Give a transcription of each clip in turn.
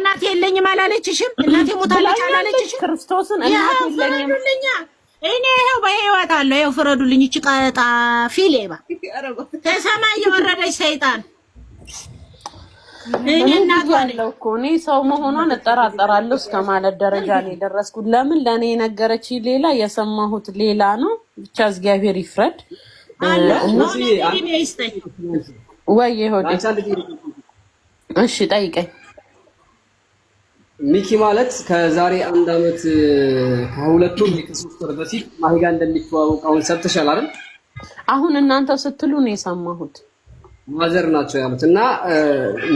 እናቴ የለኝም አላለችሽም? እናቴ ሞታለች አላለችሽም? ክርስቶስን እናቴ የለኝም እኔ ይኸው በህይወት አለሁ። ይኸው ፍረዱልኝ። ይቺ ቀጣ ፊሌባ ከሰማይ የወረደች ሰይጣን ያለው እኔ ሰው መሆኗን እጠራጠራለሁ እስከ ማለት ደረጃ ነው የደረስኩት። ለምን ለእኔ የነገረች ሌላ የሰማሁት ሌላ ነው። ብቻ እግዚአብሔር ይፍረድ። ወይ ሆዴ እሺ፣ ጠይቀኝ ሚኪ ማለት ከዛሬ አንድ አመት ከሁለቱም ከሶስት ወር በፊት ማሂጋ እንደሚተዋወቅ አሁን ሰብተሻል አይደል? አሁን እናንተ ስትሉ ነው የሰማሁት። ማዘር ናቸው ያሉት እና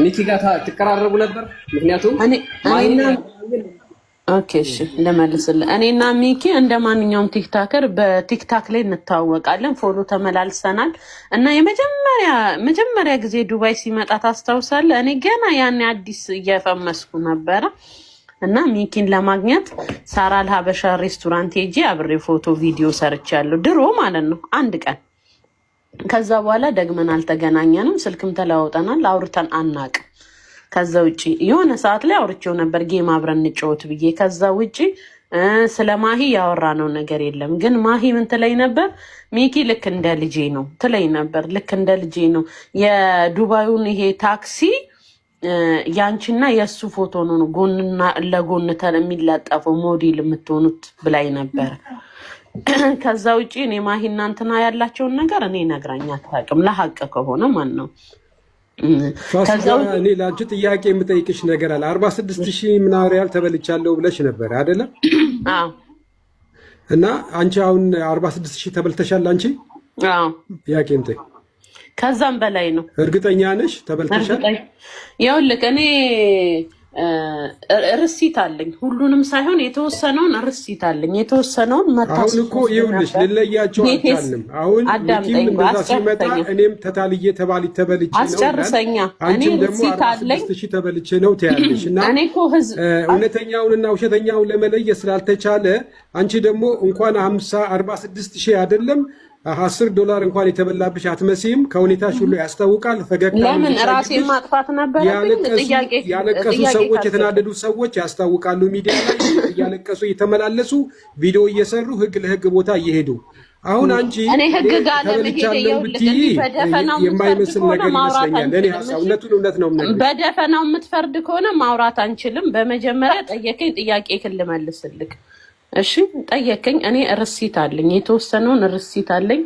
ሚኪ ጋር ትቀራረቡ ነበር። ምክንያቱም ማሂና ኦኬ እሺ፣ ልመልስልህ። እኔና ሚኪ እንደ ማንኛውም ቲክታከር በቲክታክ ላይ እንታወቃለን፣ ፎሎ ተመላልሰናል እና የመጀመሪያ መጀመሪያ ጊዜ ዱባይ ሲመጣ ታስታውሳለህ? እኔ ገና ያኔ አዲስ እየፈመስኩ ነበረ እና ሚኪን ለማግኘት ሳራ ለሀበሻ ሬስቶራንት ሄጄ አብሬ ፎቶ ቪዲዮ ሰርቻለሁ፣ ድሮ ማለት ነው አንድ ቀን። ከዛ በኋላ ደግመን አልተገናኘንም፣ ስልክም ተለዋውጠናል፣ አውርተን አናቅም ከዛ ውጭ የሆነ ሰዓት ላይ አውርቼው ነበር ጌም አብረን እንጫወት ብዬ። ከዛ ውጭ ስለ ማሂ ያወራነው ነገር የለም። ግን ማሂ ምን ትለኝ ነበር? ሚኪ ልክ እንደ ልጄ ነው ትለኝ ነበር። ልክ እንደ ልጄ ነው። የዱባዩን ይሄ ታክሲ ያንቺና የእሱ ፎቶ ነው ጎንና ለጎን የሚለጠፈው ሞዴል የምትሆኑት ብላኝ ነበር። ከዛ ውጭ እኔ ማሂ እናንትና ያላቸውን ነገር እኔ ነግራኝ አታውቅም። ለሀቅ ከሆነ ማን ነው እኔ ለአንቺ ጥያቄ የምጠይቅሽ ነገር አለ። አርባ ስድስት ሺህ ምናምን ሪያል ተበልቻለሁ ብለሽ ነበር አይደለም? እና አንቺ አሁን አርባ ስድስት ሺህ ተበልተሻል። አንቺ ጥያቄ ምጠ ከዛም በላይ ነው። እርግጠኛ ነሽ ተበልተሻል? ይኸውልህ እኔ ርሲት አለኝ። ሁሉንም ሳይሆን የተወሰነውን ርሲት አለኝ። የተወሰነውን መታሁን እኮ ይኸውልሽ፣ ልለያቸው አልቻልንም። አሁን ቲም እንደዛ ሲመጣ እኔም ተታልዬ ተባል ተበልቼ ነው አስጨርሰኛ። እኔ ርሲት አለኝ ተበልቼ ነው ትያለሽ። እና እውነተኛውን እና ውሸተኛውን ለመለየ ስላልተቻለ አንቺ ደግሞ እንኳን አምሳ አርባ ስድስት ሺህ አይደለም አስር ዶላር እንኳን የተበላብሽ አትመሲም። ከሁኔታሽ ሁሉ ያስታውቃል። ፈገግታ ለምን ራሴን ማጥፋት ነበረብኝ? ጥያቄ ያለቀሱ ሰዎች፣ የተናደዱ ሰዎች ያስታውቃሉ። ሚዲያ ላይ እያለቀሱ እየተመላለሱ ቪዲዮ እየሰሩ ህግ ለህግ ቦታ እየሄዱ አሁን አንቺ እኔ ህግ ጋር ለመሄድ ብትይ የማይመስል ነገር ይመስለኛል። እኔ ሀሳብ እውነቱን እውነት ነው። በደፈናው የምትፈርድ ከሆነ ማውራት አንችልም። በመጀመሪያ ጠየቀኝ ጥያቄ ክልመልስልክ እሺ ጠየቀኝ። እኔ ርሲት አለኝ፣ የተወሰነውን ርሲት አለኝ።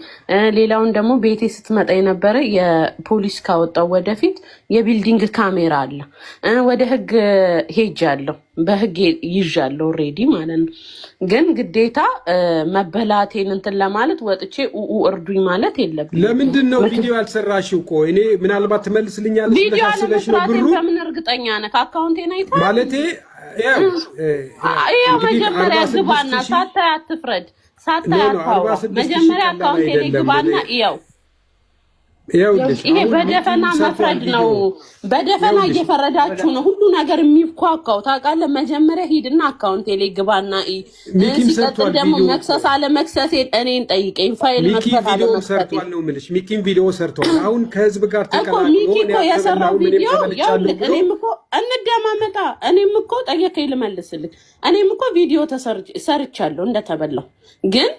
ሌላውን ደግሞ ቤቴ ስትመጣ የነበረ የፖሊስ ካወጣው ወደፊት የቢልዲንግ ካሜራ አለ። ወደ ህግ ሄጃለሁ፣ በህግ ይዣለሁ ሬዲ ማለት ነው። ግን ግዴታ መበላቴን እንትን ለማለት ወጥቼ ኡኡ እርዱኝ ማለት የለብኝ። ለምንድን ነው ቪዲዮ ያልሰራሽው? እኮ እኔ ምናልባት ትመልስልኛለሽ። ቪዲዮ አለመስራቴን በምን እርግጠኛ ነህ? ከአካውንቴን አይተህ ማለቴ ይኸው መጀመሪያ ግባና ሳታይ አትፍረድ፣ ሳታይ አታውራ። መጀመሪያ አካውንቴ ላይ ግባና ይኸው ይሄ በደፈና መፍረድ ነው። በደፈና እየፈረዳችሁ ነው። ሁሉ ነገር የሚኳኳው ታውቃለህ። መጀመሪያ ሂድና አካውንት ላይ ግባና፣ ሲቀጥል ደግሞ መክሰስ አለመክሰሴን እኔን ጠይቀኝ። ፋይል መክሰስ አለመክሰሴን ሚኪን ቪዲዮ ሰርቷል። አሁን ከህዝብ ጋር ተቀላቅሎ ሚኪ እኮ የሰራው ቪዲዮ ያውልቅ። እኔም እኮ እንደማመጣ እኔም እኮ ጠየቀኝ ልመልስልህ። እኔም እኮ ቪዲዮ ተሰርቻለሁ እንደተበላው ግን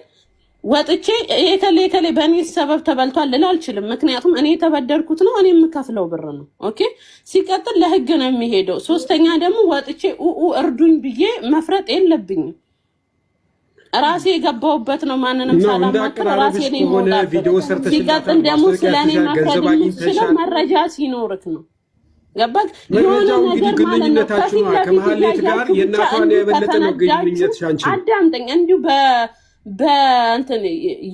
ወጥቼ የተለ የተለ በእኔ ሰበብ ተበልቷል ልል አልችልም። ምክንያቱም እኔ የተበደርኩት ነው እኔ የምከፍለው ብር ነው። ኦኬ ሲቀጥል ለህግ ነው የሚሄደው። ሶስተኛ ደግሞ ወጥቼ ኡኡ እርዱኝ ብዬ መፍረጥ የለብኝም። ራሴ የገባውበት ነው። ማንንም ሳላማክር ራሴ ነው የምወጣበት። ሲቀጥል ደግሞ ስለእኔ መፍረድ የምትችለው መረጃ ሲኖርክ ነው። ገባክ? የሆነ ነገር ማለት ነው። ከፊት ለፊት ላይ ያልኩ ብቻ እንዲሁ አዳምጠኝ እንዲሁ በእንትን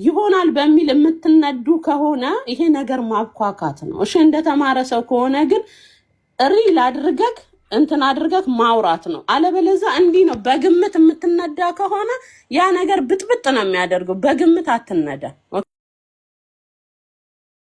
ይሆናል በሚል የምትነዱ ከሆነ ይሄ ነገር ማብኳካት ነው። እሺ እንደተማረ ሰው ከሆነ ግን ሪል አድርገክ እንትን አድርገክ ማውራት ነው። አለበለዛ እንዲህ ነው በግምት የምትነዳ ከሆነ ያ ነገር ብጥብጥ ነው የሚያደርገው። በግምት አትነዳ።